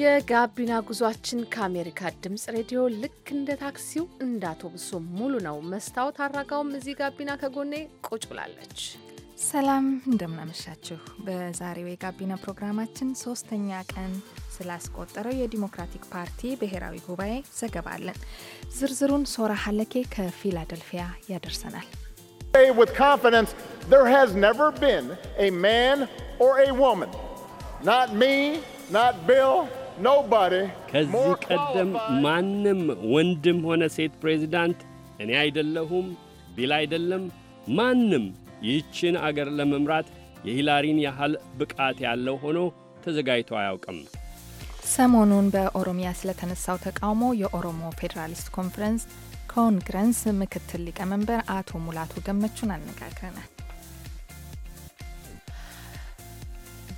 የጋቢና ጉዟችን ከአሜሪካ ድምጽ ሬዲዮ ልክ እንደ ታክሲው እንደ አውቶቡሱ ሙሉ ነው። መስታወት አራጋውም እዚህ ጋቢና ከጎኔ ቁጭ ብላለች። ሰላም እንደምናመሻችሁ። በዛሬው የጋቢና ፕሮግራማችን ሶስተኛ ቀን ስላስቆጠረው የዲሞክራቲክ ፓርቲ ብሔራዊ ጉባኤ ዘገባ አለን። ዝርዝሩን ሶራ ሀለኬ ከፊላደልፊያ ያደርሰናል። With confidence, there has never been a man or a woman, not me, not Bill, ከዚህ ቀደም ማንም ወንድም ሆነ ሴት ፕሬዚዳንት እኔ አይደለሁም ቢል አይደለም ማንም ይህችን አገር ለመምራት የሂላሪን ያህል ብቃት ያለው ሆኖ ተዘጋጅቶ አያውቅም። ሰሞኑን በኦሮሚያ ስለተነሳው ተቃውሞ የኦሮሞ ፌዴራሊስት ኮንፈረንስ ኮንግረንስ ምክትል ሊቀመንበር አቶ ሙላቱ ገመቹን አነጋግረናል።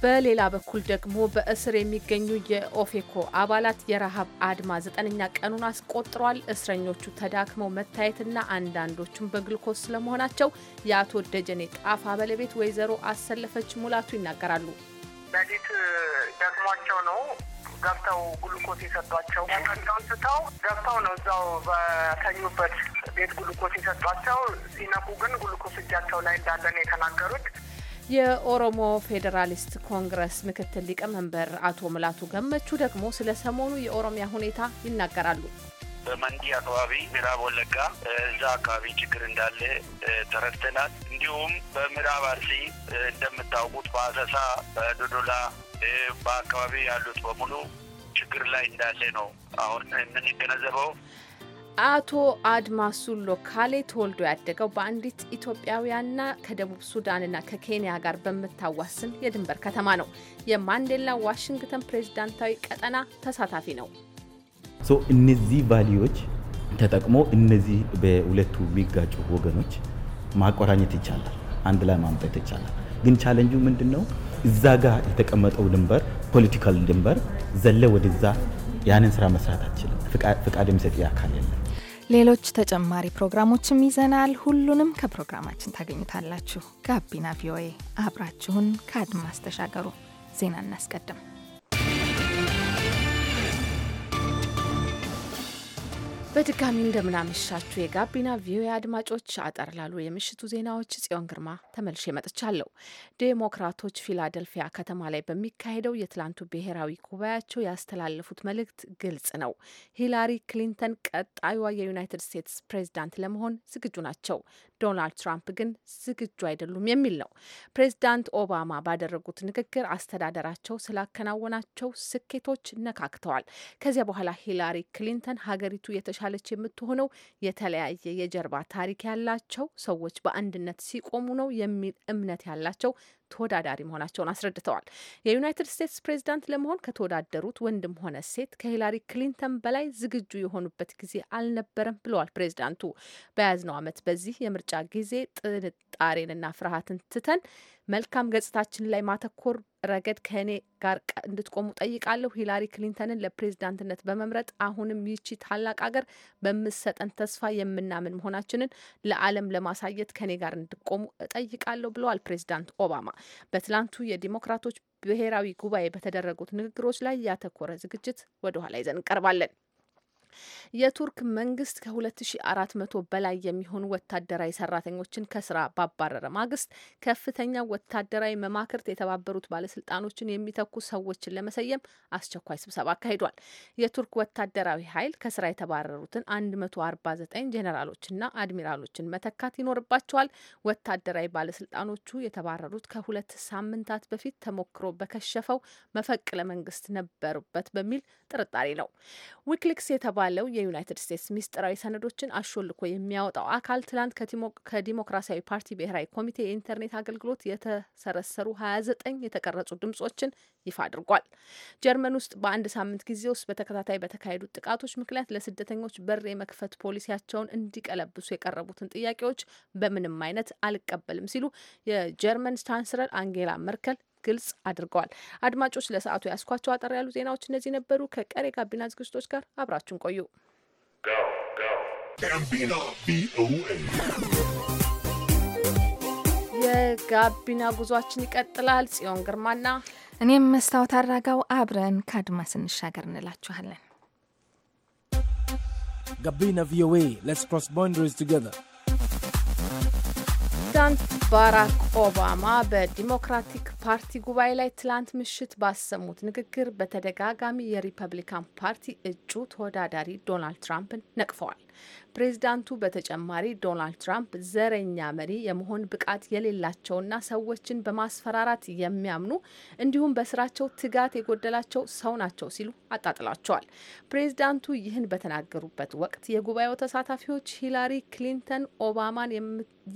በሌላ በኩል ደግሞ በእስር የሚገኙ የኦፌኮ አባላት የረሃብ አድማ ዘጠነኛ ቀኑን አስቆጥሯል። እስረኞቹ ተዳክመው መታየትና አንዳንዶቹም በግልኮስ ስለመሆናቸው የአቶ ደጀኔ ጣፋ ባለቤት ወይዘሮ አሰለፈች ሙላቱ ይናገራሉ። በፊት ደክሟቸው ነው ገብተው ግሉኮስ የሰጧቸው ቀዳውን ስተው ገብተው ነው እዛው በተኙበት ቤት ግሉኮስ የሰጧቸው። ሲነቁ ግን ግሉኮስ እጃቸው ላይ እንዳለ ነው የተናገሩት። የኦሮሞ ፌዴራሊስት ኮንግረስ ምክትል ሊቀመንበር አቶ ምላቱ ገመቹ ደግሞ ስለ ሰሞኑ የኦሮሚያ ሁኔታ ይናገራሉ። በመንዲ አካባቢ ምዕራብ ወለጋ እዛ አካባቢ ችግር እንዳለ ተረድተናል። እንዲሁም በምዕራብ አርሲ እንደምታውቁት በአሰሳ፣ በዶዶላ በአካባቢ ያሉት በሙሉ ችግር ላይ እንዳለ ነው አሁን የምንገነዘበው። አቶ አድማሱ ሎካሌ ተወልዶ ያደገው በአንዲት ኢትዮጵያውያንና ከደቡብ ሱዳንና ከኬንያ ጋር በምታዋስን የድንበር ከተማ ነው። የማንዴላ ዋሽንግተን ፕሬዝዳንታዊ ቀጠና ተሳታፊ ነው። እነዚህ ቫሊዎች ተጠቅሞ እነዚህ በሁለቱ የሚጋጩ ወገኖች ማቆራኘት ይቻላል፣ አንድ ላይ ማምጣት ይቻላል። ግን ቻለንጁ ምንድን ነው? እዛ ጋር የተቀመጠው ድንበር ፖለቲካል ድንበር ዘለ ወደዛ ያንን ስራ መስራት አችልም። ፍቃድ የሚሰጥ አካል የለም። ሌሎች ተጨማሪ ፕሮግራሞችም ይዘናል። ሁሉንም ከፕሮግራማችን ታገኙታላችሁ። ጋቢና ቪኦኤ፣ አብራችሁን ከአድማስ ተሻገሩ። ዜና እናስቀድም። በድጋሚ እንደምናመሻችሁ የጋቢና ቪኦኤ አድማጮች፣ አጠር ላሉ የምሽቱ ዜናዎች ጽዮን ግርማ ተመልሼ መጥቻለሁ። ዴሞክራቶች ፊላደልፊያ ከተማ ላይ በሚካሄደው የትላንቱ ብሔራዊ ጉባኤያቸው ያስተላለፉት መልእክት ግልጽ ነው። ሂላሪ ክሊንተን ቀጣዩዋ የዩናይትድ ስቴትስ ፕሬዚዳንት ለመሆን ዝግጁ ናቸው። ዶናልድ ትራምፕ ግን ዝግጁ አይደሉም የሚል ነው። ፕሬዚዳንት ኦባማ ባደረጉት ንግግር አስተዳደራቸው ስላከናወናቸው ስኬቶች ነካክተዋል። ከዚያ በኋላ ሂላሪ ክሊንተን ሀገሪቱ የተሻለች የምትሆነው የተለያየ የጀርባ ታሪክ ያላቸው ሰዎች በአንድነት ሲቆሙ ነው የሚል እምነት ያላቸው ተወዳዳሪ መሆናቸውን አስረድተዋል። የዩናይትድ ስቴትስ ፕሬዚዳንት ለመሆን ከተወዳደሩት ወንድም ሆነ ሴት ከሂላሪ ክሊንተን በላይ ዝግጁ የሆኑበት ጊዜ አልነበረም ብለዋል ፕሬዚዳንቱ። በያዝነው ዓመት በዚህ የምርጫ ጊዜ ጥንጣሬንና ፍርሃትን ትተን መልካም ገጽታችን ላይ ማተኮር ረገድ ከእኔ ጋር እንድትቆሙ ጠይቃለሁ። ሂላሪ ክሊንተንን ለፕሬዝዳንትነት በመምረጥ አሁንም ይቺ ታላቅ አገር በምሰጠን ተስፋ የምናምን መሆናችንን ለዓለም ለማሳየት ከእኔ ጋር እንድትቆሙ እጠይቃለሁ ብለዋል ፕሬዝዳንት ኦባማ በትላንቱ የዲሞክራቶች ብሔራዊ ጉባኤ በተደረጉት ንግግሮች ላይ ያተኮረ ዝግጅት ወደኋላ ይዘን እንቀርባለን። የቱርክ መንግስት ከ2400 በላይ የሚሆኑ ወታደራዊ ሰራተኞችን ከስራ ባባረረ ማግስት ከፍተኛ ወታደራዊ መማክርት የተባበሩት ባለስልጣኖችን የሚተኩ ሰዎችን ለመሰየም አስቸኳይ ስብሰባ አካሂዷል። የቱርክ ወታደራዊ ኃይል ከስራ የተባረሩትን 149 ጄኔራሎችና አድሚራሎችን መተካት ይኖርባቸዋል። ወታደራዊ ባለስልጣኖቹ የተባረሩት ከሁለት ሳምንታት በፊት ተሞክሮ በከሸፈው መፈቅለ መንግስት ነበሩበት በሚል ጥርጣሬ ነው። ዊክሊክስ የተባ የተባለው የዩናይትድ ስቴትስ ሚስጥራዊ ሰነዶችን አሾልኮ የሚያወጣው አካል ትላንት ከዲሞክራሲያዊ ፓርቲ ብሔራዊ ኮሚቴ የኢንተርኔት አገልግሎት የተሰረሰሩ 29 የተቀረጹ ድምጾችን ይፋ አድርጓል። ጀርመን ውስጥ በአንድ ሳምንት ጊዜ ውስጥ በተከታታይ በተካሄዱ ጥቃቶች ምክንያት ለስደተኞች በር የመክፈት ፖሊሲያቸውን እንዲቀለብሱ የቀረቡትን ጥያቄዎች በምንም አይነት አልቀበልም ሲሉ የጀርመን ቻንስለር አንጌላ መርከል ግልጽ አድርገዋል። አድማጮች ለሰዓቱ ያስኳቸው አጠር ያሉ ዜናዎች እነዚህ ነበሩ። ከቀሪ ጋቢና ዝግጅቶች ጋር አብራችሁን ቆዩ። የጋቢና ጉዟችን ይቀጥላል። ጽዮን ግርማና እኔም መስታወት አራጋው አብረን ከአድማስ እንሻገር እንላችኋለን። ጋቢና ቪኦኤ ሌትስ ክሮስ ቦንደሪስ ቱጌዘር ፕሬዚዳንት ባራክ ኦባማ በዲሞክራቲክ ፓርቲ ጉባኤ ላይ ትላንት ምሽት ባሰሙት ንግግር በተደጋጋሚ የሪፐብሊካን ፓርቲ እጩ ተወዳዳሪ ዶናልድ ትራምፕን ነቅፈዋል። ፕሬዚዳንቱ በተጨማሪ ዶናልድ ትራምፕ ዘረኛ መሪ የመሆን ብቃት የሌላቸውና ሰዎችን በማስፈራራት የሚያምኑ እንዲሁም በስራቸው ትጋት የጎደላቸው ሰው ናቸው ሲሉ አጣጥሏቸዋል። ፕሬዚዳንቱ ይህን በተናገሩበት ወቅት የጉባኤው ተሳታፊዎች ሂላሪ ክሊንተን ኦባማን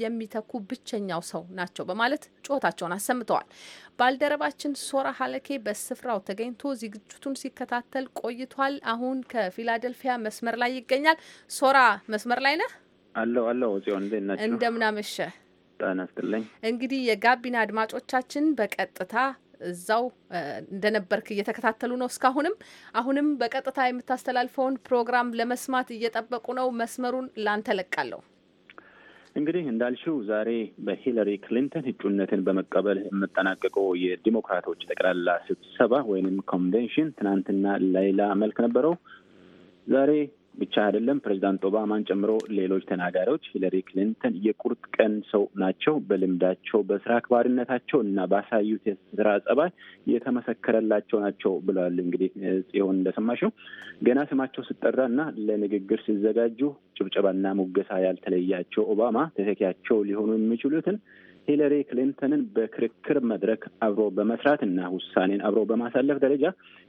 የሚተኩ ብቸኛው ሰው ናቸው በማለት ጩኸታቸውን አሰምተዋል። ባልደረባችን ሶራ ሀለኬ በስፍራው ተገኝቶ ዝግጅቱን ሲከታተል ቆይቷል። አሁን ከፊላደልፊያ መስመር ላይ ይገኛል። ሶራ መስመር ላይ ነህ? አለው አለው ጽዮን እንደምናመሸ ጤና እንግዲህ የጋቢና አድማጮቻችን በቀጥታ እዛው እንደነበርክ እየተከታተሉ ነው። እስካሁንም አሁንም በቀጥታ የምታስተላልፈውን ፕሮግራም ለመስማት እየጠበቁ ነው። መስመሩን ላንተ ለቃለሁ። እንግዲህ እንዳልሽው ዛሬ በሂለሪ ክሊንተን እጩነትን በመቀበል የምጠናቀቀው የዲሞክራቶች ጠቅላላ ስብሰባ ወይም ኮንቬንሽን ትናንትና ሌላ መልክ ነበረው። ዛሬ ብቻ አይደለም። ፕሬዚዳንት ኦባማን ጨምሮ ሌሎች ተናጋሪዎች ሂለሪ ክሊንተን የቁርጥ ቀን ሰው ናቸው። በልምዳቸው፣ በስራ አክባሪነታቸው እና ባሳዩት የስራ ጸባይ የተመሰከረላቸው ናቸው ብለዋል። እንግዲህ ጽዮን እንደሰማሽው ገና ስማቸው ስጠራ እና ለንግግር ሲዘጋጁ ጭብጨባና ሙገሳ ያልተለያቸው ኦባማ ተተኪያቸው ሊሆኑ የሚችሉትን ሂለሪ ክሊንተንን በክርክር መድረክ አብሮ በመስራት እና ውሳኔን አብሮ በማሳለፍ ደረጃ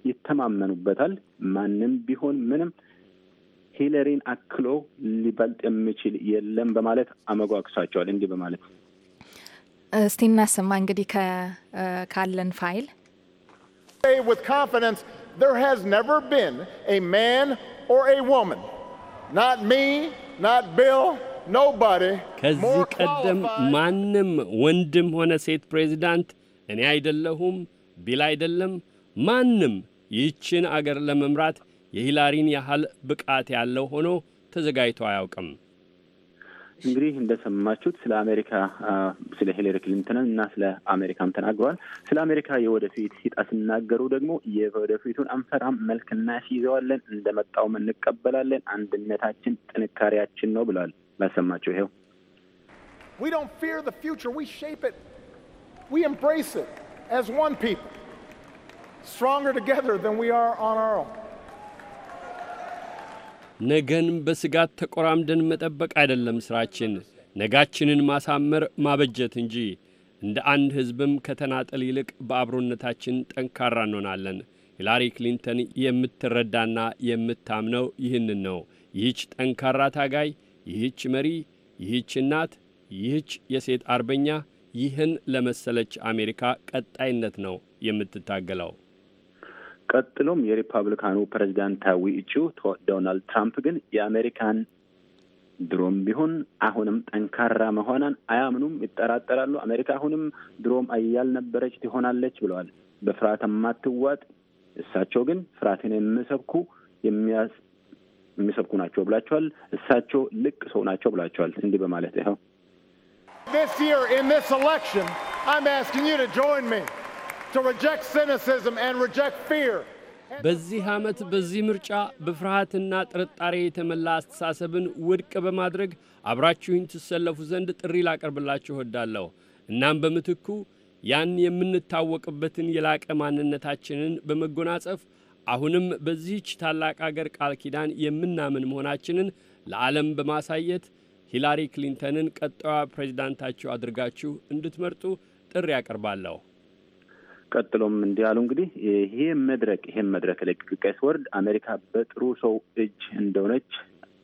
ይተማመኑበታል። ማንም ቢሆን ምንም ሂለሪን አክሎ ሊበልጥ የሚችል የለም በማለት አመጓግሳቸዋል። እንዲህ በማለት እስቲ እናሰማ እንግዲህ ካለን ፋይል with confidence there has never been a man or a woman not me not bill nobody ከዚህ ቀደም ማንም ወንድም ሆነ ሴት ፕሬዚዳንት እኔ አይደለሁም ቢል አይደለም ማንም ይህችን አገር ለመምራት የሂላሪን ያህል ብቃት ያለው ሆኖ ተዘጋጅቶ አያውቅም። እንግዲህ እንደሰማችሁት ስለ አሜሪካ ስለ ሂለሪ ክሊንተንን እና ስለ አሜሪካም ተናግረዋል። ስለ አሜሪካ የወደፊት ሂጣ ሲናገሩ ደግሞ የወደፊቱን አንፈራም፣ መልክ እናስይዘዋለን፣ እንደመጣውም እንቀበላለን፣ አንድነታችን ጥንካሬያችን ነው ብለዋል። ላሰማችሁ ይሄው We don't fear the future. We shape it. We embrace it as one people, stronger together than we are on our own. ነገን በስጋት ተቆራምደን መጠበቅ አይደለም ሥራችን፣ ነጋችንን ማሳመር ማበጀት እንጂ። እንደ አንድ ሕዝብም ከተናጠል ይልቅ በአብሮነታችን ጠንካራ እንሆናለን። ሂላሪ ክሊንተን የምትረዳና የምታምነው ይህንን ነው። ይህች ጠንካራ ታጋይ፣ ይህች መሪ፣ ይህች እናት፣ ይህች የሴት አርበኛ ይህን ለመሰለች አሜሪካ ቀጣይነት ነው የምትታገለው። ቀጥሎም የሪፐብሊካኑ ፕሬዚዳንታዊ እጩ ዶናልድ ትራምፕ ግን የአሜሪካን ድሮም ቢሆን አሁንም ጠንካራ መሆኗን አያምኑም፣ ይጠራጠራሉ። አሜሪካ አሁንም ድሮም አያል ነበረች ትሆናለች ብለዋል። በፍርሃት የማትዋጥ እሳቸው ግን ፍርሃትን የሚሰብኩ የሚያስ የሚሰብኩ ናቸው ብላቸዋል። እሳቸው ልቅ ሰው ናቸው ብላቸዋል። እንዲህ በማለት ይኸው This year in this election, I'm asking you to join me. በዚህ ዓመት በዚህ ምርጫ በፍርሃትና ጥርጣሬ የተመላ አስተሳሰብን ውድቅ በማድረግ አብራችሁኝ ትሰለፉ ዘንድ ጥሪ ላቀርብላችሁ እወዳለሁ። እናም በምትኩ ያን የምንታወቅበትን የላቀ ማንነታችንን በመጎናጸፍ አሁንም በዚህች ታላቅ አገር ቃል ኪዳን የምናምን መሆናችንን ለዓለም በማሳየት ሂላሪ ክሊንተንን ቀጣዩ ፕሬዚዳንታችሁ አድርጋችሁ እንድትመርጡ ጥሪ ያቀርባለሁ። ቀጥሎም እንዲህ አሉ። እንግዲህ ይሄ መድረክ ይሄን መድረክ ላይ ቅቅቃይ ስወርድ አሜሪካ በጥሩ ሰው እጅ እንደሆነች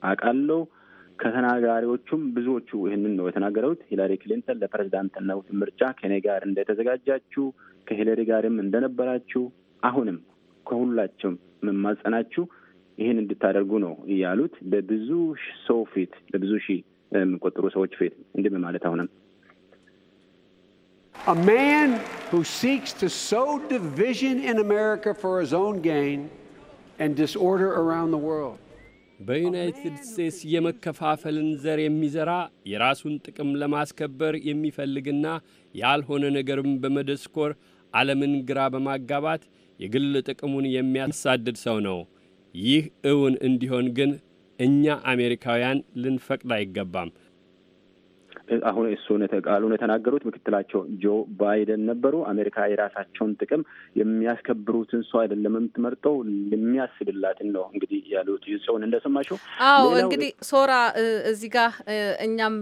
አውቃለሁ። ከተናጋሪዎቹም ብዙዎቹ ይህንን ነው የተናገሩት። ሂላሪ ክሊንተን ለፕሬዚዳንትነት ምርጫ ከኔ ጋር እንደተዘጋጃችሁ ከሂለሪ ጋርም እንደነበራችሁ አሁንም ከሁላችሁም የምማጸናችሁ ይህን እንድታደርጉ ነው እያሉት በብዙ ሰው ፊት በብዙ ሺህ የሚቆጠሩ ሰዎች ፊት እንዲህ ማለት አሁንም A man who seeks to sow division in America for his own gain and disorder around the world. በዩናይትድ ስቴትስ የመከፋፈልን ዘር የሚዘራ የራሱን ጥቅም ለማስከበር የሚፈልግና ያልሆነ ነገርም በመደስኮር ዓለምን ግራ በማጋባት የግል ጥቅሙን የሚያሳድድ ሰው ነው። ይህ እውን እንዲሆን ግን እኛ አሜሪካውያን ልንፈቅድ አይገባም። አሁን እሱ ቃሉን የተናገሩት ምክትላቸው ጆ ባይደን ነበሩ። አሜሪካ የራሳቸውን ጥቅም የሚያስከብሩትን ሰው አይደለም የምትመርጠው የሚያስብላትን ነው እንግዲህ ያሉት ሰውን እንደሰማሽው። አዎ እንግዲህ ሶራ እዚህ ጋር እኛም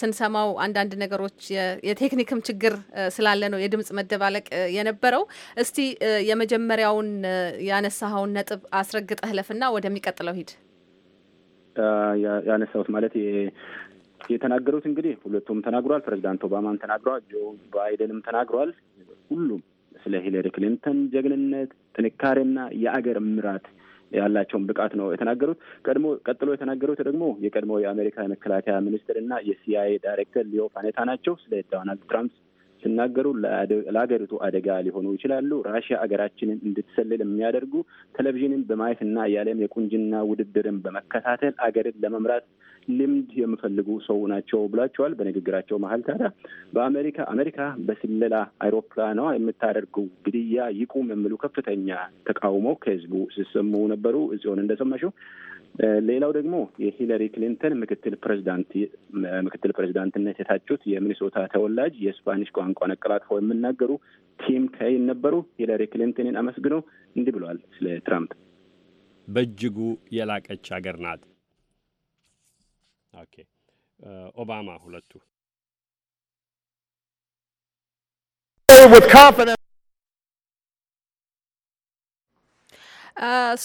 ስንሰማው አንዳንድ ነገሮች የቴክኒክም ችግር ስላለ ነው የድምጽ መደባለቅ የነበረው። እስቲ የመጀመሪያውን ያነሳኸውን ነጥብ አስረግጠህ ለፍና ወደሚቀጥለው ሂድ። ያነሳሁት ማለት የተናገሩት እንግዲህ ሁለቱም ተናግሯል። ፕሬዚዳንት ኦባማም ተናግረዋል። ጆ ባይደንም ተናግረዋል። ሁሉም ስለ ሂለሪ ክሊንተን ጀግንነት፣ ጥንካሬና የአገር ምራት ያላቸውን ብቃት ነው የተናገሩት። ቀድሞ ቀጥሎ የተናገሩት ደግሞ የቀድሞ የአሜሪካ የመከላከያ ሚኒስትር እና የሲአይኤ ዳይሬክተር ሊዮ ፋኔታ ናቸው። ስለ ዶናልድ ትራምፕ ሲናገሩ ለሀገሪቱ አደጋ ሊሆኑ ይችላሉ። ራሽያ ሀገራችንን እንድትሰልል የሚያደርጉ ቴሌቪዥንን በማየትና የዓለም የቁንጅና ውድድርን በመከታተል አገርን ለመምራት ልምድ የሚፈልጉ ሰው ናቸው ብሏቸዋል። በንግግራቸው መሀል ታዲያ በአሜሪካ አሜሪካ በስለላ አይሮፕላኗ የምታደርገው ግድያ ይቁም የሚሉ ከፍተኛ ተቃውሞ ከህዝቡ ሲሰሙ ነበሩ። እዚሆን እንደሰማሽው ሌላው ደግሞ የሂለሪ ክሊንተን ምክትል ፕሬዚዳንት ምክትል ፕሬዚዳንትነት የታጩት የሚኒሶታ ተወላጅ የስፓኒሽ ቋንቋ አቀላጥፈው የሚናገሩ ቲም ከይን ነበሩ። ሂለሪ ክሊንተንን አመስግነው እንዲህ ብለዋል ስለ ትራምፕ በእጅጉ የላቀች ሀገር ናት። ኦኬ ኦባማ ሁለቱ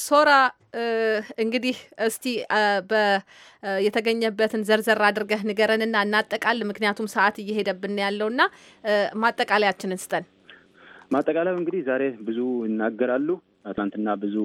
ሶራ እንግዲህ እስቲ የተገኘበትን ዘርዘር አድርገህ ንገረንና እናጠቃል። ምክንያቱም ሰዓት እየሄደብን ያለውና ማጠቃለያችንን ስጠን። ማጠቃለያው እንግዲህ ዛሬ ብዙ ይናገራሉ። ትናንትና ብዙ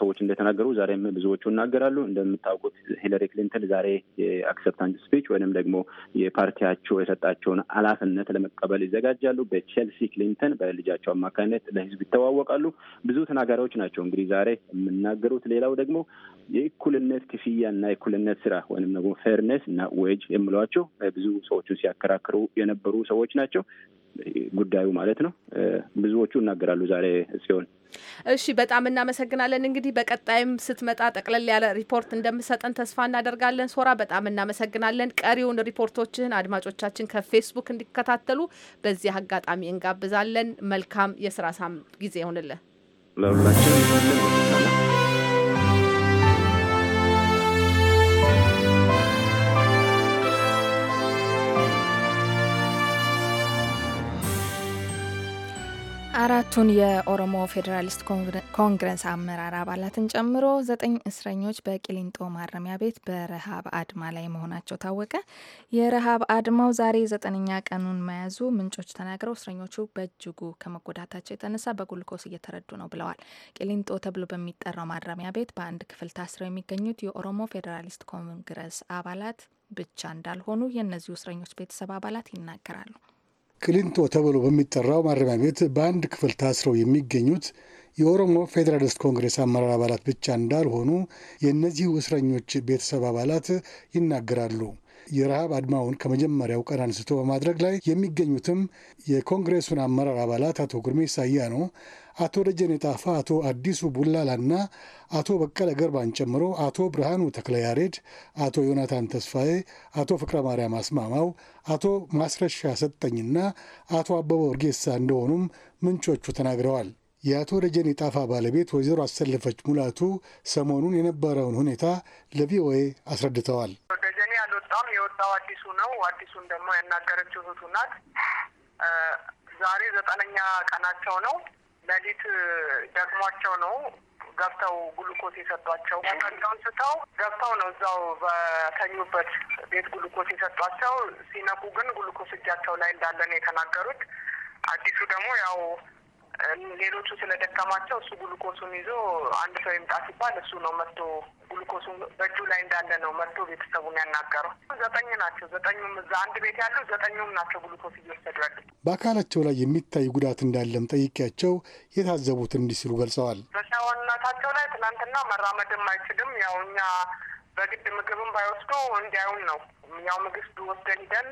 ሰዎች እንደተናገሩ ዛሬም ብዙዎቹ ይናገራሉ። እንደምታውቁት ሂለሪ ክሊንተን ዛሬ የአክሰፕታንስ ስፒች ወይንም ደግሞ የፓርቲያቸው የሰጣቸውን ኃላፊነት ለመቀበል ይዘጋጃሉ። በቼልሲ ክሊንተን በልጃቸው አማካኝነት ለህዝብ ይተዋወቃሉ። ብዙ ተናጋሪዎች ናቸው እንግዲህ ዛሬ የምናገሩት። ሌላው ደግሞ የእኩልነት ክፍያ እና የእኩልነት ስራ ወይም ደግሞ ፌርነስ እና ዌጅ የምሏቸው ብዙ ሰዎቹን ሲያከራክሩ የነበሩ ሰዎች ናቸው ጉዳዩ ማለት ነው። ብዙዎቹ ይናገራሉ ዛሬ ሲሆን እሺ፣ በጣም እናመሰግናለን። እንግዲህ በቀጣይም ስትመጣ ጠቅለል ያለ ሪፖርት እንደምሰጠን ተስፋ እናደርጋለን። ሶራ፣ በጣም እናመሰግናለን። ቀሪውን ሪፖርቶችህን አድማጮቻችን ከፌስቡክ እንዲከታተሉ በዚህ አጋጣሚ እንጋብዛለን። መልካም የስራ ሳም ጊዜ ይሆንልን ለሁላችን። አራቱን የኦሮሞ ፌዴራሊስት ኮንግረስ አመራር አባላትን ጨምሮ ዘጠኝ እስረኞች በቂሊንጦ ማረሚያ ቤት በረሃብ አድማ ላይ መሆናቸው ታወቀ። የረሃብ አድማው ዛሬ ዘጠነኛ ቀኑን መያዙ ምንጮች ተናግረው እስረኞቹ በእጅጉ ከመጎዳታቸው የተነሳ በጉልኮስ እየተረዱ ነው ብለዋል። ቂሊንጦ ተብሎ በሚጠራው ማረሚያ ቤት በአንድ ክፍል ታስረው የሚገኙት የኦሮሞ ፌዴራሊስት ኮንግረስ አባላት ብቻ እንዳልሆኑ የእነዚሁ እስረኞች ቤተሰብ አባላት ይናገራሉ። ቅሊንጦ ተብሎ በሚጠራው ማረሚያ ቤት በአንድ ክፍል ታስረው የሚገኙት የኦሮሞ ፌዴራሊስት ኮንግሬስ አመራር አባላት ብቻ እንዳልሆኑ የእነዚህ እስረኞች ቤተሰብ አባላት ይናገራሉ። የረሃብ አድማውን ከመጀመሪያው ቀን አንስቶ በማድረግ ላይ የሚገኙትም የኮንግሬሱን አመራር አባላት አቶ ሳያ ነው አቶ ደጀኔ ጣፋ፣ አቶ አዲሱ ቡላላና አቶ በቀለ ገርባን ጨምሮ አቶ ብርሃኑ ተክለ ያሬድ፣ አቶ ዮናታን ተስፋዬ፣ አቶ ፍቅረ ማርያም አስማማው፣ አቶ ማስረሻ ሰጠኝና አቶ አበበ ወርጌሳ እንደሆኑም ምንጮቹ ተናግረዋል። የአቶ ደጀኔ ጣፋ ባለቤት ወይዘሮ አሰለፈች ሙላቱ ሰሞኑን የነበረውን ሁኔታ ለቪኦኤ አስረድተዋል። ደጀኔ አልወጣም፣ የወጣው አዲሱ ነው። አዲሱን ደግሞ ያናገረችው እህቱ ናት። ዛሬ ዘጠነኛ ቀናቸው ነው። ለሊት ደክሟቸው ነው ገብተው ጉልኮስ የሰጧቸው ቀንቀን ስተው ገብተው ነው እዛው በተኙበት ቤት ጉልኮስ የሰጧቸው። ሲነቁ ግን ጉልኮስ እጃቸው ላይ እንዳለ ነው የተናገሩት። አዲሱ ደግሞ ያው ሌሎቹ ስለደከማቸው እሱ ጉልኮሱን ይዞ አንድ ሰው ይምጣ ሲባል እሱ ነው መጥቶ ግሉኮሱ በእጁ ላይ እንዳለ ነው መጥቶ ቤተሰቡን ያናገረው። ዘጠኝ ናቸው። ዘጠኙም እዛ አንድ ቤት ያለው ዘጠኙም ናቸው ግሉኮስ እየወሰዱ ያሉ። በአካላቸው ላይ የሚታይ ጉዳት እንዳለም ጠይቄያቸው የታዘቡት እንዲህ ሲሉ ገልጸዋል። በሻዋናታቸው ላይ ትናንትና መራመድም አይችልም። ያው እኛ በግድ ምግብም ባይወስዱ እንዲያዩን ነው ያው ምግብ ወስደን ሂደን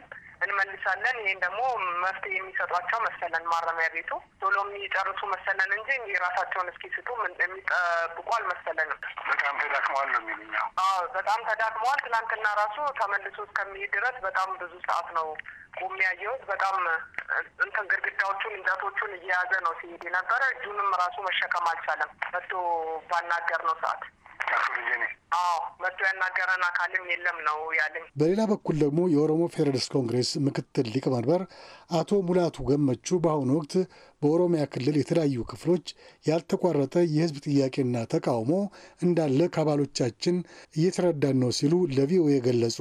እንመልሳለን። ይህን ደግሞ መፍትሄ የሚሰጧቸው መሰለን ማረሚያ ቤቱ ቶሎ የሚጨርሱ መሰለን እንጂ ራሳቸውን እስኪስጡ የሚጠብቁ አልመሰለንም። በጣም ተዳክመዋል ነው የሚሉኝ። አዎ በጣም ተዳክመዋል። ትናንትና ራሱ ተመልሶ እስከሚሄድ ድረስ በጣም ብዙ ሰዓት ነው ቁም ያየሁት በጣም እንትን ግድግዳዎቹን እንጨቶቹን እየያዘ ነው ሲሄድ የነበረ። እጁንም ራሱ መሸከም አልቻለም። መቶ ባናገር ነው ሰዓት አዎ መቶ ያናገረን አካልም የለም ነው ያለኝ። በሌላ በኩል ደግሞ የኦሮሞ ፌዴራሊስት ኮንግሬስ ምክትል ሊቀመንበር አቶ ሙላቱ ገመቹ በአሁኑ ወቅት በኦሮሚያ ክልል የተለያዩ ክፍሎች ያልተቋረጠ የሕዝብ ጥያቄና ተቃውሞ እንዳለ ከአባሎቻችን እየተረዳን ነው ሲሉ ለቪኦኤ ገለጹ።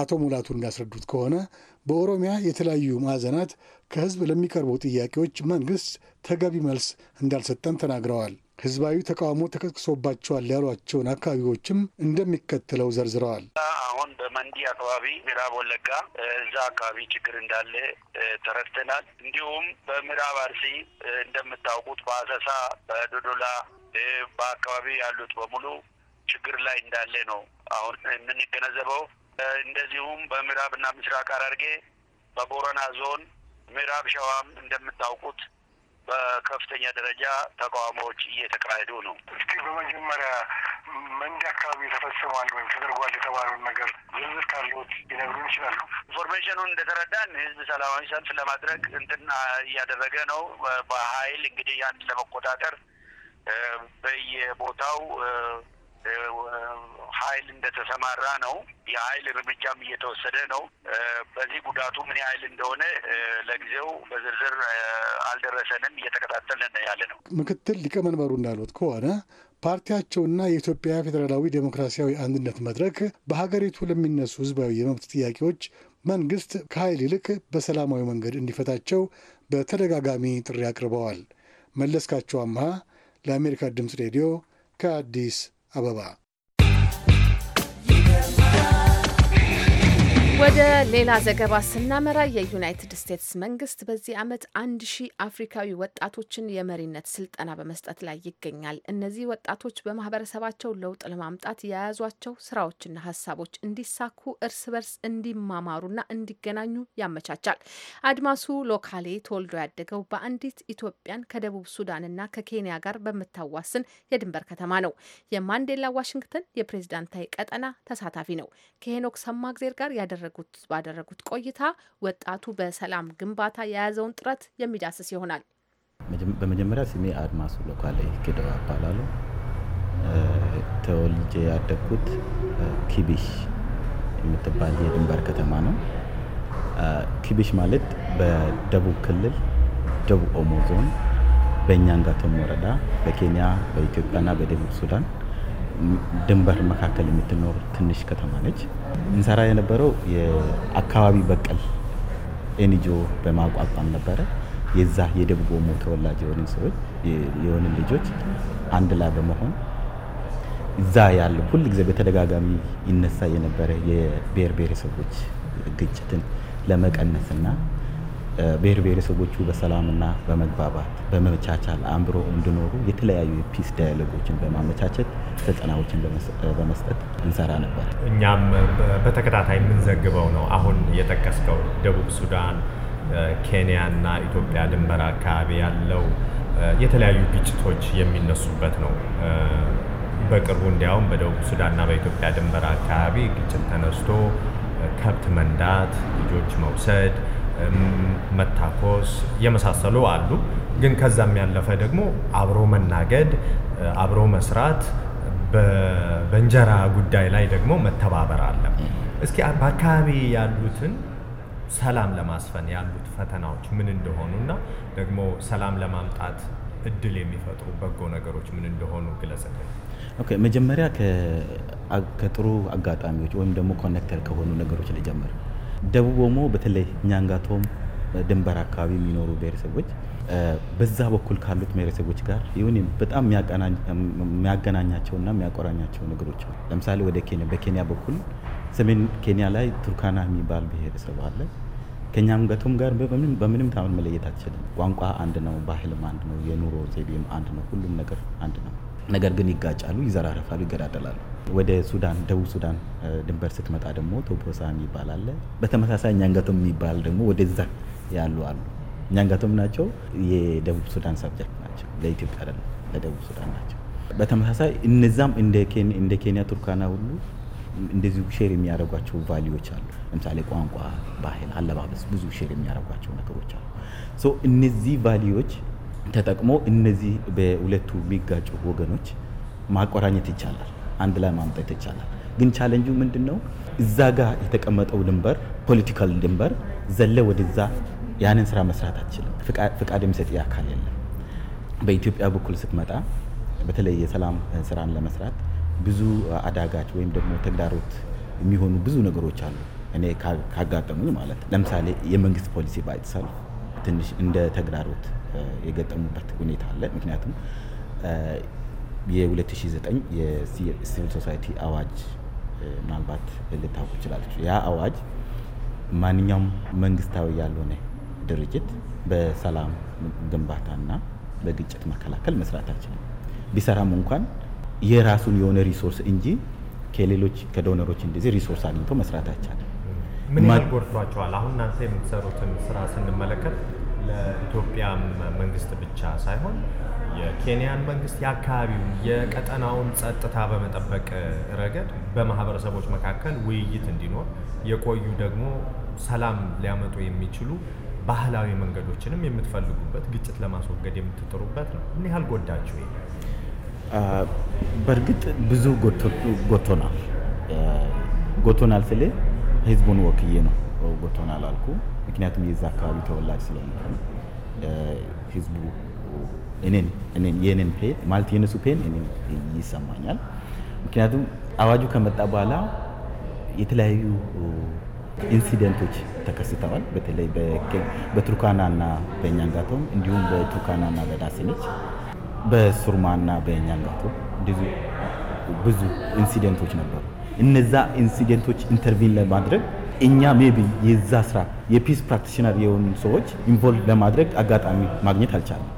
አቶ ሙላቱ እንዳስረዱት ከሆነ በኦሮሚያ የተለያዩ ማዕዘናት ከህዝብ ለሚቀርቡ ጥያቄዎች መንግስት ተገቢ መልስ እንዳልሰጠም ተናግረዋል። ህዝባዊ ተቃውሞ ተቀስቅሶባቸዋል ያሏቸውን አካባቢዎችም እንደሚከተለው ዘርዝረዋል። አሁን በመንዲ አካባቢ ምዕራብ ወለጋ እዛ አካባቢ ችግር እንዳለ ተረድተናል። እንዲሁም በምዕራብ አርሲ እንደምታውቁት በአሰሳ፣ በዶዶላ በአካባቢ ያሉት በሙሉ ችግር ላይ እንዳለ ነው አሁን የምንገነዘበው። እንደዚሁም በምዕራብ በምዕራብና ምስራቅ ሐረርጌ በቦረና ዞን ምዕራብ ሸዋም እንደምታውቁት በከፍተኛ ደረጃ ተቃውሞዎች እየተካሄዱ ነው። እስቲ በመጀመሪያ መንዲ አካባቢ ተፈጽሟል ወይም ተደርጓል የተባለውን ነገር ዝርዝር ካሉት ሊነግሩን ይችላሉ? ኢንፎርሜሽኑን እንደተረዳን ህዝብ ሰላማዊ ሰልፍ ለማድረግ እንትን እያደረገ ነው። በሀይል እንግዲህ አንድ ለመቆጣጠር በየቦታው ኃይል እንደተሰማራ ነው። የኃይል እርምጃም እየተወሰደ ነው። በዚህ ጉዳቱ ምን ያህል እንደሆነ ለጊዜው በዝርዝር አልደረሰንም፣ እየተከታተልን ያለ ነው። ምክትል ሊቀመንበሩ እንዳሉት ከሆነ ፓርቲያቸውና የኢትዮጵያ ፌዴራላዊ ዴሞክራሲያዊ አንድነት መድረክ በሀገሪቱ ለሚነሱ ህዝባዊ የመብት ጥያቄዎች መንግስት ከኃይል ይልቅ በሰላማዊ መንገድ እንዲፈታቸው በተደጋጋሚ ጥሪ አቅርበዋል። መለስካቸው አምሃ ለአሜሪካ ድምፅ ሬዲዮ ከአዲስ አበባ ወደ ሌላ ዘገባ ስናመራ የዩናይትድ ስቴትስ መንግስት በዚህ ዓመት አንድ ሺህ አፍሪካዊ ወጣቶችን የመሪነት ስልጠና በመስጠት ላይ ይገኛል። እነዚህ ወጣቶች በማህበረሰባቸው ለውጥ ለማምጣት የያዟቸው ስራዎችና ሀሳቦች እንዲሳኩ እርስ በርስ እንዲማማሩና እንዲገናኙ ያመቻቻል። አድማሱ ሎካሌ ተወልዶ ያደገው በአንዲት ኢትዮጵያን ከደቡብ ሱዳንና ከኬንያ ጋር በምታዋስን የድንበር ከተማ ነው። የማንዴላ ዋሽንግተን የፕሬዝዳንታዊ ቀጠና ተሳታፊ ነው። ከሄኖክ ሰማግዜር ጋር ያደረ ባደረጉት ባደረጉት ቆይታ ወጣቱ በሰላም ግንባታ የያዘውን ጥረት የሚዳስስ ይሆናል። በመጀመሪያ ስሜ አድማሱ ሎካለ ክደው እባላለሁ። ተወልጄ ያደግኩት ኪቢሽ የምትባል የድንበር ከተማ ነው። ኪቢሽ ማለት በደቡብ ክልል ደቡብ ኦሞ ዞን በእኛ ንጋቶም ወረዳ በኬንያ በኢትዮጵያና በደቡብ ሱዳን ድንበር መካከል የምትኖር ትንሽ ከተማ ነች። እንሰራ የነበረው የአካባቢ በቀል ኤንጂኦ በማቋቋም ነበረ። የዛ የደቡብ ኦሞ ተወላጅ የሆኑ ሰዎች የሆኑ ልጆች አንድ ላይ በመሆን እዛ ያለው ሁል ጊዜ በተደጋጋሚ ይነሳ የነበረ የብሔር ብሔረሰቦች ግጭትን ለመቀነስና ብሔር ብሔረሰቦቹ በሰላምና በመግባባት በመቻቻል አምብሮ እንዲኖሩ የተለያዩ የፒስ ዳያሎጎችን በማመቻቸት ስልጠናዎችን በመስጠት እንሰራ ነበር። እኛም በተከታታይ የምንዘግበው ነው። አሁን የጠቀስከው ደቡብ ሱዳን፣ ኬንያና ኢትዮጵያ ድንበር አካባቢ ያለው የተለያዩ ግጭቶች የሚነሱበት ነው። በቅርቡ እንዲያውም በደቡብ ሱዳንና በኢትዮጵያ ድንበር አካባቢ ግጭት ተነስቶ ከብት መንዳት፣ ልጆች መውሰድ መታኮስ የመሳሰሉ አሉ። ግን ከዛም ያለፈ ደግሞ አብሮ መናገድ፣ አብሮ መስራት፣ በእንጀራ ጉዳይ ላይ ደግሞ መተባበር አለ። እስኪ በአካባቢ ያሉትን ሰላም ለማስፈን ያሉት ፈተናዎች ምን እንደሆኑ እና ደግሞ ሰላም ለማምጣት እድል የሚፈጥሩ በጎ ነገሮች ምን እንደሆኑ ግለጽልን። ኦኬ መጀመሪያ ከጥሩ አጋጣሚዎች ወይም ደግሞ ኮኔክተር ከሆኑ ነገሮች ልጀምር። ደቡብ ኦሞ በተለይ ኛንጋቶም ድንበር አካባቢ የሚኖሩ ብሔረሰቦች በዛ በኩል ካሉት ብሔረሰቦች ጋር ይሁን በጣም የሚያገናኛቸውና የሚያቆራኛቸው ነገሮች አሉ። ለምሳሌ ወደ ኬንያ በኬንያ በኩል ሰሜን ኬንያ ላይ ቱርካና የሚባል ብሔረሰብ አለ። ከኛንጋቶም ጋር በምንም ታምር መለየት አትችልም። ቋንቋ አንድ ነው፣ ባህልም አንድ ነው፣ የኑሮ ዘይቤም አንድ ነው፣ ሁሉም ነገር አንድ ነው። ነገር ግን ይጋጫሉ፣ ይዘራረፋሉ፣ ይገዳደላሉ። ወደ ሱዳን ደቡብ ሱዳን ድንበር ስትመጣ ደግሞ ቶፖሳ የሚባል አለ። በተመሳሳይ እኛንገቶም የሚባል ደግሞ ወደዛ ያሉ አሉ። እኛንገቶም ናቸው የደቡብ ሱዳን ሰብጀክት ናቸው፣ ለኢትዮጵያ አይደለም፣ ለደቡብ ሱዳን ናቸው። በተመሳሳይ እነዛም እንደ ኬንያ ቱርካና ሁሉ እንደዚሁ ሼር የሚያደርጓቸው ቫሊዎች አሉ። ለምሳሌ ቋንቋ፣ ባህል፣ አለባበስ ብዙ ሼር የሚያደርጓቸው ነገሮች አሉ። ሶ እነዚህ ቫሊዎች ተጠቅሞ እነዚህ በሁለቱ የሚጋጩ ወገኖች ማቆራኘት ይቻላል። አንድ ላይ ማምጣት ይቻላል። ግን ቻለንጁ ምንድን ነው? እዛ ጋር የተቀመጠው ድንበር ፖለቲካል ድንበር ዘለ ወደዛ ያንን ስራ መስራት አትችልም። ፍቃድ የሚሰጥ አካል የለም። በኢትዮጵያ በኩል ስትመጣ በተለይ የሰላም ስራን ለመስራት ብዙ አዳጋች ወይም ደግሞ ተግዳሮት የሚሆኑ ብዙ ነገሮች አሉ። እኔ ካጋጠሙኝ ማለት ለምሳሌ የመንግስት ፖሊሲ ባይተሳልፍ ትንሽ እንደ ተግዳሮት የገጠሙበት ሁኔታ አለ። ምክንያቱም የ2009 የሲቪል ሶሳይቲ አዋጅ ምናልባት ልታውቁ ይችላለች። ያ አዋጅ ማንኛውም መንግስታዊ ያልሆነ ድርጅት በሰላም ግንባታና በግጭት መከላከል መስራት አይችልም። ቢሰራም እንኳን የራሱን የሆነ ሪሶርስ እንጂ ከሌሎች ከዶነሮች እንደዚህ ሪሶርስ አግኝቶ መስራት አይቻልም። ምን ያህል ጎድቷቸዋል? አሁን እናንተ የምትሰሩትን ስራ ስንመለከት ለኢትዮጵያ መንግስት ብቻ ሳይሆን የኬንያን መንግስት የአካባቢውን የቀጠናውን ጸጥታ በመጠበቅ ረገድ በማህበረሰቦች መካከል ውይይት እንዲኖር የቆዩ ደግሞ ሰላም ሊያመጡ የሚችሉ ባህላዊ መንገዶችንም የምትፈልጉበት ግጭት ለማስወገድ የምትጥሩበት ነው። ምን ያህል ጎዳችሁ? በእርግጥ ብዙ ጎቶናል። ጎቶናል ስል ህዝቡን ወክዬ ነው ጎቶናል አልኩ። ምክንያቱም የዛ አካባቢ ተወላጅ ስለሆነ ህዝቡ እኔን ፔን ማለት የእነሱ ፔን ይሰማኛል። ምክንያቱም አዋጁ ከመጣ በኋላ የተለያዩ ኢንሲደንቶች ተከስተዋል። በተለይ በቱርካና ና በእኛንጋቶ እንዲሁም በቱርካና በቱርካናና በዳሰነች ና በእኛንጋቶ ብዙ ኢንሲደንቶች ነበሩ። እነዛ ኢንሲደንቶች ኢንተርቪን ለማድረግ እኛ ሜቢ የዛ ስራ የፒስ ፕራክቲሽነር የሆኑ ሰዎች ኢንቮልቭ ለማድረግ አጋጣሚ ማግኘት አልቻለም።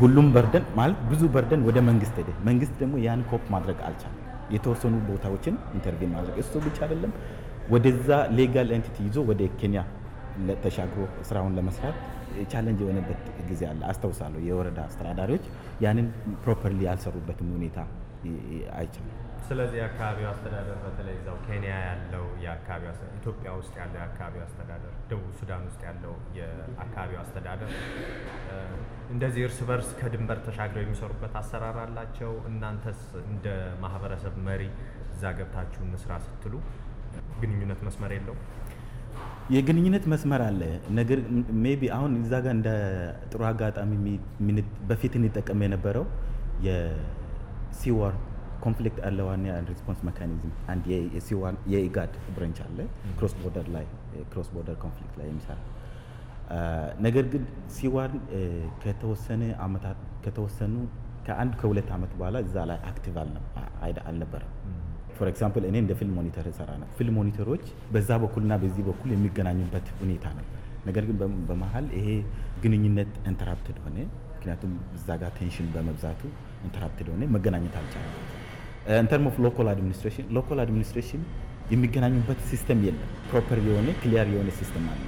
ሁሉም በርደን ማለት ብዙ በርደን ወደ መንግስት ሄደ። መንግስት ደግሞ ያን ኮፕ ማድረግ አልቻለም። የተወሰኑ ቦታዎችን ኢንተርቪን ማድረግ እሱ ብቻ አይደለም፣ ወደዛ ሌጋል ኤንቲቲ ይዞ ወደ ኬንያ ተሻግሮ ስራውን ለመስራት ቻለንጅ የሆነበት ጊዜ አለ። አስታውሳለሁ የወረዳ አስተዳዳሪዎች ያንን ፕሮፐርሊ ያልሰሩበትም ሁኔታ አይቻልም። ስለዚህ የአካባቢው አስተዳደር በተለይ እዛው ኬንያ ያለው የአካባቢው ኢትዮጵያ ውስጥ ያለው የአካባቢው አስተዳደር፣ ደቡብ ሱዳን ውስጥ ያለው የአካባቢው አስተዳደር እንደዚህ እርስ በርስ ከድንበር ተሻግረው የሚሰሩበት አሰራር አላቸው። እናንተስ እንደ ማህበረሰብ መሪ እዛ ገብታችሁ እንስራ ስትሉ ግንኙነት መስመር የለው? የግንኙነት መስመር አለ። ነገር ሜይ ቢ አሁን እዛ ጋር እንደ ጥሩ አጋጣሚ በፊት እንጠቀም የነበረው የሲወር ኮንፍሊክት አለ። ዋና ሪስፖንስ ሜካኒዝም አንድ የኢጋድ ብረንች አለ ክሮስ ቦርደር ላይ ክሮስ ቦርደር ኮንፍሊክት ላይ የሚሰራ ነገር ግን ሲዋን ከተወሰነ አመታት ከተወሰኑ ከአንድ ከሁለት አመት በኋላ እዛ ላይ አክቲቭ አልነበረም። ፎር ኤግዛምፕል እኔ እንደ ፊልም ሞኒተር ሰራ ነው። ፊልም ሞኒተሮች በዛ በኩልና በዚህ በኩል የሚገናኙበት ሁኔታ ነው። ነገር ግን በመሀል ይሄ ግንኙነት ኢንተራፕትድ ሆነ። ምክንያቱም እዛ ጋር ቴንሽን በመብዛቱ ኢንተራፕትድ ሆነ፣ መገናኘት አልቻለም። ተርም ኦፍ ሎካል አድሚኒስትሬሽን ሎካል አድሚኒስትሬሽን የሚገናኙበት ሲስተም የለም። ፕሮፐር የሆነ ክሊያር የሆነ ሲስተም uh,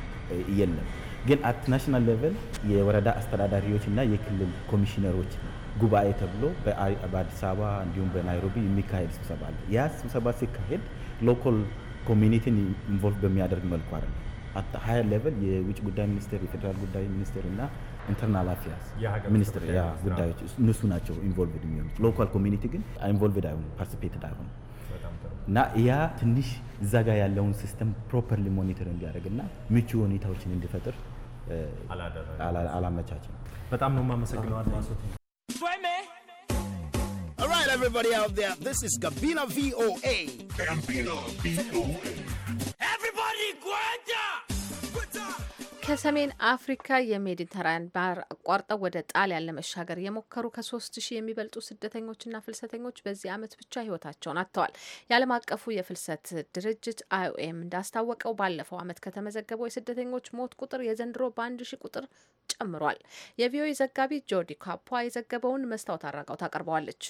የለም። ግን አት ናሽናል ሌቨል የወረዳ አስተዳዳሪዎች እና የክልል ኮሚሽነሮች ጉባኤ ተብሎ በአዲስ አበባ እንዲሁም በናይሮቢ የሚካሄድ ስብሰባ አለ። ያ ስብሰባ ሲካሄድ ሎካል ኮሚኒቲን ኢንቮልቭ በሚያደርግ መልኩ አለ። አት ሀያ ሌቨል የውጭ ጉዳይ ሚኒስቴር፣ የፌዴራል ጉዳይ ሚኒስቴር እና ኢንተርናል አፌርስ ሚኒስትር ጉዳዮች እነሱ ናቸው ኢንቮልቭድ የሚሆኑት። ሎካል ኮሚኒቲ ግን ኢንቮልቭድ አይሆኑ ፓርቲሲፔትድ አይሆኑ እና ያ ትንሽ እዛ ጋር ያለውን ሲስተም ፕሮፐርሊ ሞኒተር እንዲያደርግና ምቹ ሁኔታዎችን እንዲፈጥር አላመቻችም። በጣም ነው የማመሰግነው አድማሱ። All right, everybody out there, this is Gabina VOA. Gabina VOA. ከሰሜን አፍሪካ የሜዲተራን ባህር አቋርጠው ወደ ጣሊያን ለመሻገር የሞከሩ ከሶስት ሺህ የሚበልጡ ስደተኞችና ፍልሰተኞች በዚህ ዓመት ብቻ ህይወታቸውን አጥተዋል። የዓለም አቀፉ የፍልሰት ድርጅት አይኦኤም እንዳስታወቀው ባለፈው ዓመት ከተመዘገበው የስደተኞች ሞት ቁጥር የዘንድሮ በአንድ ሺህ ቁጥር ጨምሯል። የቪኦኤ ዘጋቢ ጆዲ ካፖ የዘገበውን መስታወት አራጋው ታቀርበዋለች።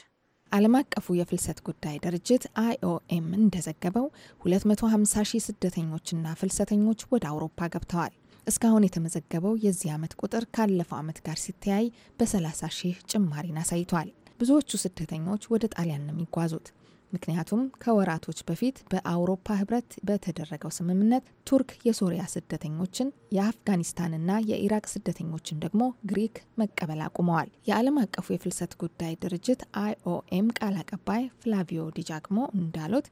ዓለም አቀፉ የፍልሰት ጉዳይ ድርጅት አይኦኤም እንደዘገበው 250 ሺህ ስደተኞችና ፍልሰተኞች ወደ አውሮፓ ገብተዋል። እስካሁን የተመዘገበው የዚህ ዓመት ቁጥር ካለፈው ዓመት ጋር ሲተያይ በ30 ሺህ ጭማሪን አሳይቷል። ብዙዎቹ ስደተኞች ወደ ጣሊያን ነው የሚጓዙት። ምክንያቱም ከወራቶች በፊት በአውሮፓ ህብረት በተደረገው ስምምነት ቱርክ የሶሪያ ስደተኞችን የአፍጋኒስታንና የኢራቅ ስደተኞችን ደግሞ ግሪክ መቀበል አቁመዋል። የዓለም አቀፉ የፍልሰት ጉዳይ ድርጅት አይኦኤም ቃል አቀባይ ፍላቪዮ ዲጃግሞ እንዳሉት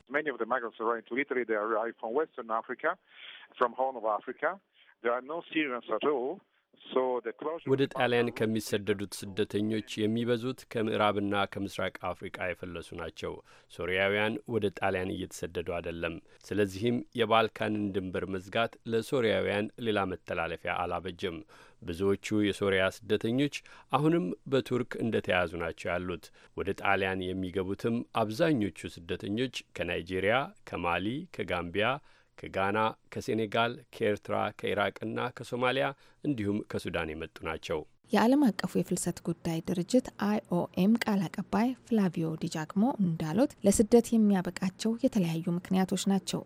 ወደ ጣሊያን ከሚሰደዱት ስደተኞች የሚበዙት ከምዕራብና ከምስራቅ አፍሪቃ የፈለሱ ናቸው። ሶሪያውያን ወደ ጣሊያን እየተሰደዱ አይደለም። ስለዚህም የባልካንን ድንበር መዝጋት ለሶሪያውያን ሌላ መተላለፊያ አላበጀም። ብዙዎቹ የሶሪያ ስደተኞች አሁንም በቱርክ እንደተያዙ ናቸው ያሉት። ወደ ጣሊያን የሚገቡትም አብዛኞቹ ስደተኞች ከናይጄሪያ፣ ከማሊ፣ ከጋምቢያ ከጋና፣ ከሴኔጋል፣ ከኤርትራ፣ ከኢራቅና ከሶማሊያ እንዲሁም ከሱዳን የመጡ ናቸው። የዓለም አቀፉ የፍልሰት ጉዳይ ድርጅት አይኦኤም ቃል አቀባይ ፍላቪዮ ዲጃግሞ እንዳሉት ለስደት የሚያበቃቸው የተለያዩ ምክንያቶች ናቸው።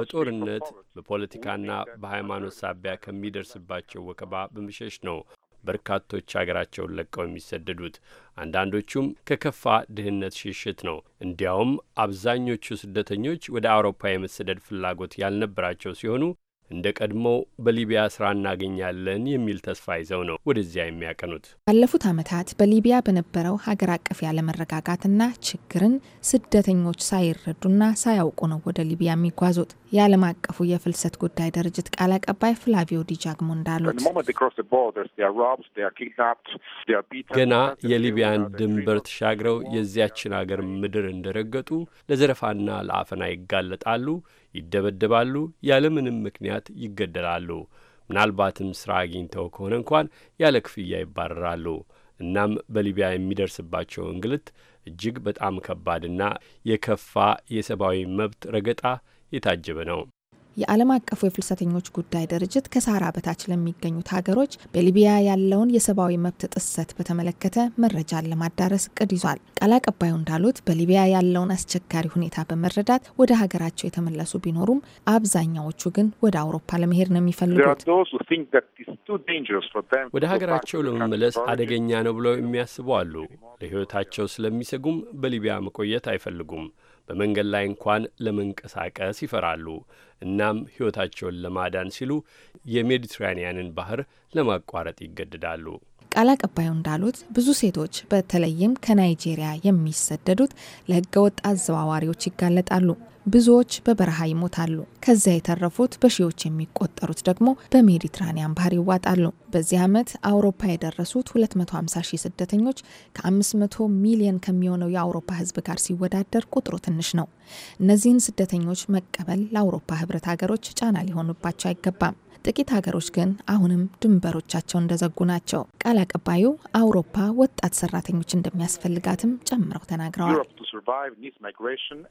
በጦርነት በፖለቲካና በሃይማኖት ሳቢያ ከሚደርስባቸው ወከባ በመሸሽ ነው በርካቶች አገራቸውን ለቀው የሚሰደዱት አንዳንዶቹም ከከፋ ድህነት ሽሽት ነው። እንዲያውም አብዛኞቹ ስደተኞች ወደ አውሮፓ የመሰደድ ፍላጎት ያልነበራቸው ሲሆኑ እንደ ቀድሞው በሊቢያ ስራ እናገኛለን የሚል ተስፋ ይዘው ነው ወደዚያ የሚያቀኑት። ባለፉት ዓመታት በሊቢያ በነበረው ሀገር አቀፍ ያለመረጋጋትና ችግርን ስደተኞች ሳይረዱና ሳያውቁ ነው ወደ ሊቢያ የሚጓዙት። የዓለም አቀፉ የፍልሰት ጉዳይ ድርጅት ቃል አቀባይ ፍላቪዮ ዲጃግሞ እንዳሉት ገና የሊቢያን ድንበር ተሻግረው የዚያችን አገር ምድር እንደረገጡ ለዘረፋና ለአፈና ይጋለጣሉ፣ ይደበደባሉ፣ ያለምንም ምክንያት ምክንያት ይገደላሉ። ምናልባትም ስራ አግኝተው ከሆነ እንኳን ያለ ክፍያ ይባረራሉ። እናም በሊቢያ የሚደርስባቸው እንግልት እጅግ በጣም ከባድና የከፋ የሰብአዊ መብት ረገጣ የታጀበ ነው። የዓለም አቀፉ የፍልሰተኞች ጉዳይ ድርጅት ከሳራ በታች ለሚገኙት ሀገሮች በሊቢያ ያለውን የሰብአዊ መብት ጥሰት በተመለከተ መረጃን ለማዳረስ እቅድ ይዟል። ቃል አቀባዩ እንዳሉት በሊቢያ ያለውን አስቸጋሪ ሁኔታ በመረዳት ወደ ሀገራቸው የተመለሱ ቢኖሩም አብዛኛዎቹ ግን ወደ አውሮፓ ለመሄድ ነው የሚፈልጉት። ወደ ሀገራቸው ለመመለስ አደገኛ ነው ብለው የሚያስቡ አሉ። ለሕይወታቸው ስለሚሰጉም በሊቢያ መቆየት አይፈልጉም። በመንገድ ላይ እንኳን ለመንቀሳቀስ ይፈራሉ። እናም ሕይወታቸውን ለማዳን ሲሉ የሜዲትራኒያንን ባህር ለማቋረጥ ይገደዳሉ። ቃል አቀባዩ እንዳሉት ብዙ ሴቶች በተለይም ከናይጄሪያ የሚሰደዱት ለህገወጥ አዘዋዋሪዎች ይጋለጣሉ። ብዙዎች በበረሃ ይሞታሉ። ከዚያ የተረፉት በሺዎች የሚቆጠሩት ደግሞ በሜዲትራኒያን ባህር ይዋጣሉ። በዚህ ዓመት አውሮፓ የደረሱት 250 ሺህ ስደተኞች ከ500 ሚሊዮን ከሚሆነው የአውሮፓ ህዝብ ጋር ሲወዳደር ቁጥሩ ትንሽ ነው። እነዚህን ስደተኞች መቀበል ለአውሮፓ ህብረት ሀገሮች ጫና ሊሆኑባቸው አይገባም። ጥቂት ሀገሮች ግን አሁንም ድንበሮቻቸው እንደዘጉ ናቸው። ቃል አቀባዩ አውሮፓ ወጣት ሰራተኞች እንደሚያስፈልጋትም ጨምረው ተናግረዋል።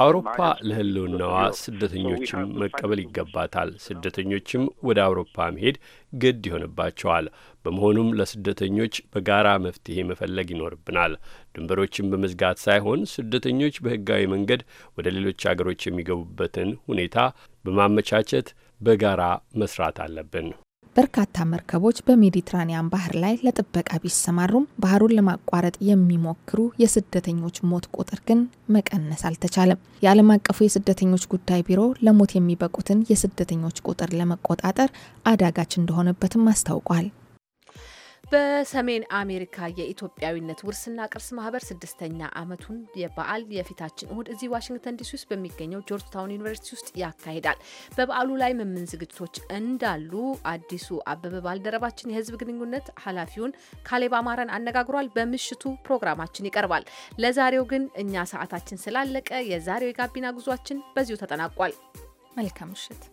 አውሮፓ ለህልውናዋ ስደተኞችም መቀበል ይገባታል። ስደተኞችም ወደ አውሮፓ መሄድ ግድ ይሆንባቸዋል። በመሆኑም ለስደተኞች በጋራ መፍትሄ መፈለግ ይኖርብናል። ድንበሮችን በመዝጋት ሳይሆን ስደተኞች በህጋዊ መንገድ ወደ ሌሎች አገሮች የሚገቡበትን ሁኔታ በማመቻቸት በጋራ መስራት አለብን። በርካታ መርከቦች በሜዲትራኒያን ባህር ላይ ለጥበቃ ቢሰማሩም ባህሩን ለማቋረጥ የሚሞክሩ የስደተኞች ሞት ቁጥር ግን መቀነስ አልተቻለም። የዓለም አቀፉ የስደተኞች ጉዳይ ቢሮ ለሞት የሚበቁትን የስደተኞች ቁጥር ለመቆጣጠር አዳጋች እንደሆነበትም አስታውቋል። በሰሜን አሜሪካ የኢትዮጵያዊነት ውርስና ቅርስ ማህበር ስድስተኛ ዓመቱን የበዓል የፊታችን እሁድ እዚህ ዋሽንግተን ዲሲ ውስጥ በሚገኘው ጆርጅታውን ዩኒቨርሲቲ ውስጥ ያካሂዳል። በበዓሉ ላይ ምምን ዝግጅቶች እንዳሉ አዲሱ አበበ ባልደረባችን የህዝብ ግንኙነት ኃላፊውን ካሌብ አማረን አነጋግሯል። በምሽቱ ፕሮግራማችን ይቀርባል። ለዛሬው ግን እኛ ሰዓታችን ስላለቀ የዛሬው የጋቢና ጉዟችን በዚሁ ተጠናቋል። መልካም ምሽት።